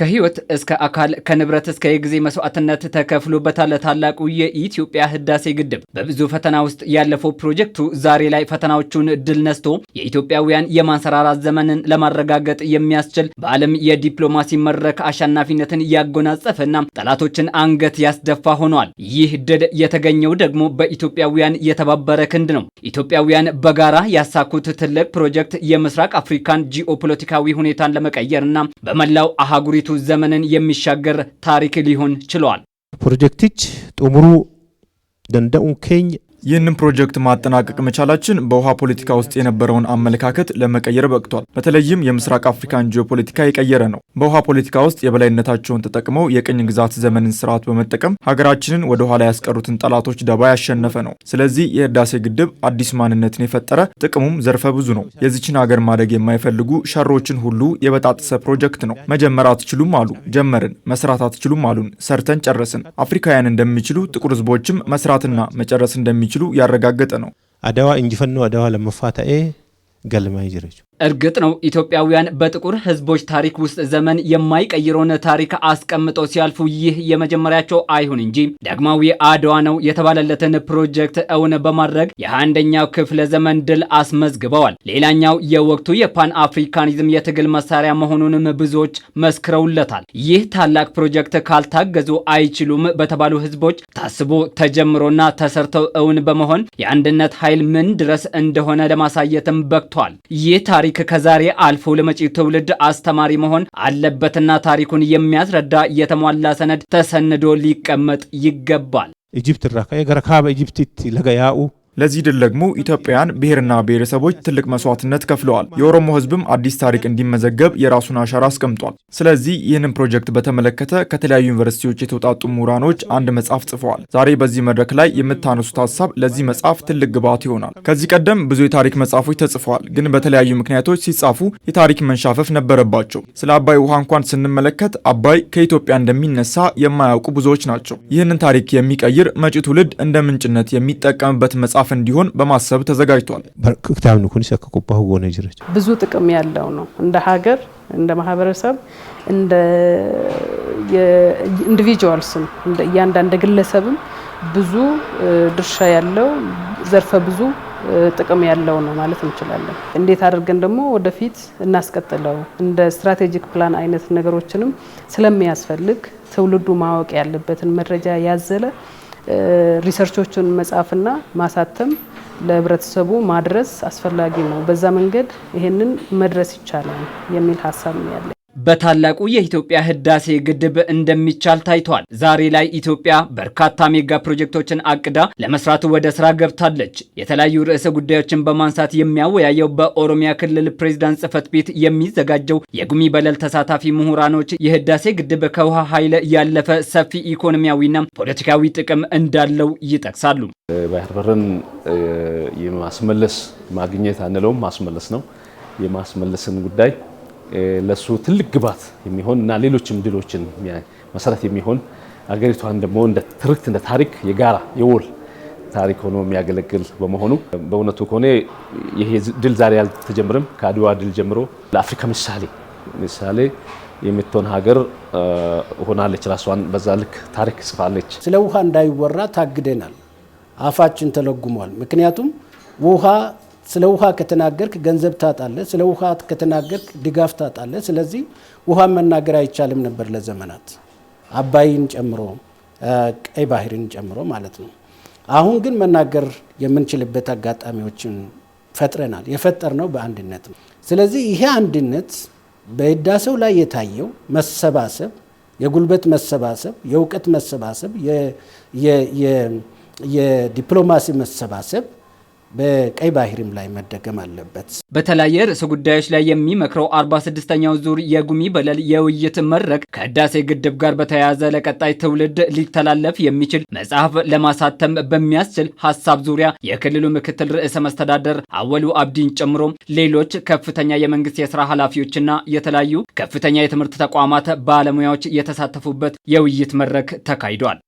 ከህይወት እስከ አካል ከንብረት እስከ የጊዜ መስዋዕትነት ተከፍሎበታል ታላቁ የኢትዮጵያ ህዳሴ ግድብ። በብዙ ፈተና ውስጥ ያለፈው ፕሮጀክቱ ዛሬ ላይ ፈተናዎቹን ድል ነስቶ የኢትዮጵያውያን የማንሰራራት ዘመንን ለማረጋገጥ የሚያስችል በዓለም የዲፕሎማሲ መድረክ አሸናፊነትን ያጎናጸፈና ጠላቶችን አንገት ያስደፋ ሆኗል። ይህ ድል የተገኘው ደግሞ በኢትዮጵያውያን የተባበረ ክንድ ነው። ኢትዮጵያውያን በጋራ ያሳኩት ትልቅ ፕሮጀክት የምስራቅ አፍሪካን ጂኦፖለቲካዊ ሁኔታን ለመቀየርና በመላው አህጉሪቱ ፕሮጀክቱ ዘመንን የሚሻገር ታሪክ ሊሆን ችሏል። ፕሮጀክቲች ጥሙሩ ደንደኡን ኬኝ ይህንን ፕሮጀክት ማጠናቀቅ መቻላችን በውሃ ፖለቲካ ውስጥ የነበረውን አመለካከት ለመቀየር በቅቷል። በተለይም የምስራቅ አፍሪካን ጂኦፖለቲካ የቀየረ ነው። በውሃ ፖለቲካ ውስጥ የበላይነታቸውን ተጠቅመው የቅኝ ግዛት ዘመንን ስርዓት በመጠቀም ሀገራችንን ወደ ኋላ ያስቀሩትን ጠላቶች ደባ ያሸነፈ ነው። ስለዚህ የህዳሴ ግድብ አዲስ ማንነትን የፈጠረ ጥቅሙም ዘርፈ ብዙ ነው። የዚችን ሀገር ማደግ የማይፈልጉ ሸሮችን ሁሉ የበጣጠሰ ፕሮጀክት ነው። መጀመር አትችሉም አሉ፣ ጀመርን። መስራት አትችሉም አሉን፣ ሰርተን ጨረስን። አፍሪካውያን እንደሚችሉ ጥቁር ህዝቦችም መስራትና መጨረስ እንደሚ እንደሚችሉ ያረጋገጠ ነው። አደዋ እንጂፈኖ አደዋ ለመፋታኤ ገልማ ይጅረች እርግጥ ነው ኢትዮጵያውያን በጥቁር ሕዝቦች ታሪክ ውስጥ ዘመን የማይቀይረውን ታሪክ አስቀምጠው ሲያልፉ ይህ የመጀመሪያቸው አይሁን እንጂ ዳግማዊ አድዋ ነው የተባለለትን ፕሮጀክት እውን በማድረግ የ21ኛው ክፍለ ዘመን ድል አስመዝግበዋል። ሌላኛው የወቅቱ የፓን አፍሪካኒዝም የትግል መሳሪያ መሆኑንም ብዙዎች መስክረውለታል። ይህ ታላቅ ፕሮጀክት ካልታገዙ አይችሉም በተባሉ ሕዝቦች ታስቦ ተጀምሮና ተሰርተው እውን በመሆን የአንድነት ኃይል ምን ድረስ እንደሆነ ለማሳየትም በቅቷል። ይህ ታሪክ ታሪክ ከዛሬ አልፎ ለመጪ ትውልድ አስተማሪ መሆን አለበትና ታሪኩን የሚያስረዳ የተሟላ ሰነድ ተሰንዶ ሊቀመጥ ይገባል። ኢጅፕት ራካ ከገረካበ ኢጅፕቲት ለገያኡ ለዚህ ድል ደግሞ ኢትዮጵያውያን ብሔርና ብሔረሰቦች ትልቅ መስዋዕትነት ከፍለዋል። የኦሮሞ ህዝብም አዲስ ታሪክ እንዲመዘገብ የራሱን አሻራ አስቀምጧል። ስለዚህ ይህንን ፕሮጀክት በተመለከተ ከተለያዩ ዩኒቨርሲቲዎች የተውጣጡ ምሁራኖች አንድ መጽሐፍ ጽፈዋል። ዛሬ በዚህ መድረክ ላይ የምታነሱት ሀሳብ ለዚህ መጽሐፍ ትልቅ ግብዓት ይሆናል። ከዚህ ቀደም ብዙ የታሪክ መጽሐፎች ተጽፈዋል፣ ግን በተለያዩ ምክንያቶች ሲጻፉ የታሪክ መንሻፈፍ ነበረባቸው። ስለ አባይ ውሃ እንኳን ስንመለከት አባይ ከኢትዮጵያ እንደሚነሳ የማያውቁ ብዙዎች ናቸው። ይህንን ታሪክ የሚቀይር መጪ ትውልድ እንደ ምንጭነት የሚጠቀምበት መጽሐፍ ድጋፍ እንዲሆን በማሰብ ተዘጋጅቷል። ብዙ ጥቅም ያለው ነው። እንደ ሀገር፣ እንደ ማህበረሰብ፣ እንደ ኢንዲቪጁዋልስም እያንዳንድ ግለሰብም ብዙ ድርሻ ያለው ዘርፈ ብዙ ጥቅም ያለው ነው ማለት እንችላለን። እንዴት አድርገን ደግሞ ወደፊት እናስቀጥለው እንደ ስትራቴጂክ ፕላን አይነት ነገሮችንም ስለሚያስፈልግ ትውልዱ ማወቅ ያለበትን መረጃ ያዘለ ሪሰርቾችን መጻፍና ማሳተም ለህብረተሰቡ ማድረስ አስፈላጊ ነው። በዛ መንገድ ይሄንን መድረስ ይቻላል የሚል ሀሳብ ነው ያለ። በታላቁ የኢትዮጵያ ህዳሴ ግድብ እንደሚቻል ታይቷል። ዛሬ ላይ ኢትዮጵያ በርካታ ሜጋ ፕሮጀክቶችን አቅዳ ለመስራቱ ወደ ስራ ገብታለች። የተለያዩ ርዕሰ ጉዳዮችን በማንሳት የሚያወያየው በኦሮሚያ ክልል ፕሬዝዳንት ጽህፈት ቤት የሚዘጋጀው የጉሚ በለል ተሳታፊ ምሁራኖች የህዳሴ ግድብ ከውሃ ኃይል ያለፈ ሰፊ ኢኮኖሚያዊና ፖለቲካዊ ጥቅም እንዳለው ይጠቅሳሉ። ባህር በርን የማስመለስ ማግኘት አንለውም፣ ማስመለስ ነው። የማስመለስን ጉዳይ ለሱ ትልቅ ግባት የሚሆን እና ሌሎችም ድሎችን መሰረት የሚሆን አገሪቷን ደግሞ እንደ ትርክት እንደ ታሪክ የጋራ የወል ታሪክ ሆኖ የሚያገለግል በመሆኑ በእውነቱ ከሆነ ይሄ ድል ዛሬ አልተጀምርም። ከአድዋ ድል ጀምሮ ለአፍሪካ ምሳሌ ምሳሌ የምትሆን ሀገር ሆናለች። ራሷን በዛ ልክ ታሪክ ጽፋለች። ስለ ውሃ እንዳይወራ ታግደናል። አፋችን ተለጉሟል። ምክንያቱም ውሃ ስለ ውሃ ከተናገርክ ገንዘብ ታጣለ ስለ ውሃ ከተናገርክ ድጋፍ ታጣለ ስለዚህ ውሃን መናገር አይቻልም ነበር ለዘመናት አባይን ጨምሮ ቀይ ባህርን ጨምሮ ማለት ነው። አሁን ግን መናገር የምንችልበት አጋጣሚዎችን ፈጥረናል። ነው በአንድነት ነው። ስለዚህ ይሄ አንድነት በህዳሴው ላይ የታየው መሰባሰብ፣ የጉልበት መሰባሰብ፣ የእውቀት መሰባሰብ፣ የዲፕሎማሲ መሰባሰብ በቀይ ባህርም ላይ መደገም አለበት። በተለያየ ርዕሰ ጉዳዮች ላይ የሚመክረው 46ኛው ዙር የጉሚ በለል የውይይት መድረክ ከህዳሴ ግድብ ጋር በተያያዘ ለቀጣይ ትውልድ ሊተላለፍ የሚችል መጽሐፍ ለማሳተም በሚያስችል ሀሳብ ዙሪያ የክልሉ ምክትል ርዕሰ መስተዳደር አወሉ አብዲን ጨምሮ ሌሎች ከፍተኛ የመንግስት የስራ ኃላፊዎችና የተለያዩ ከፍተኛ የትምህርት ተቋማት ባለሙያዎች የተሳተፉበት የውይይት መድረክ ተካሂዷል።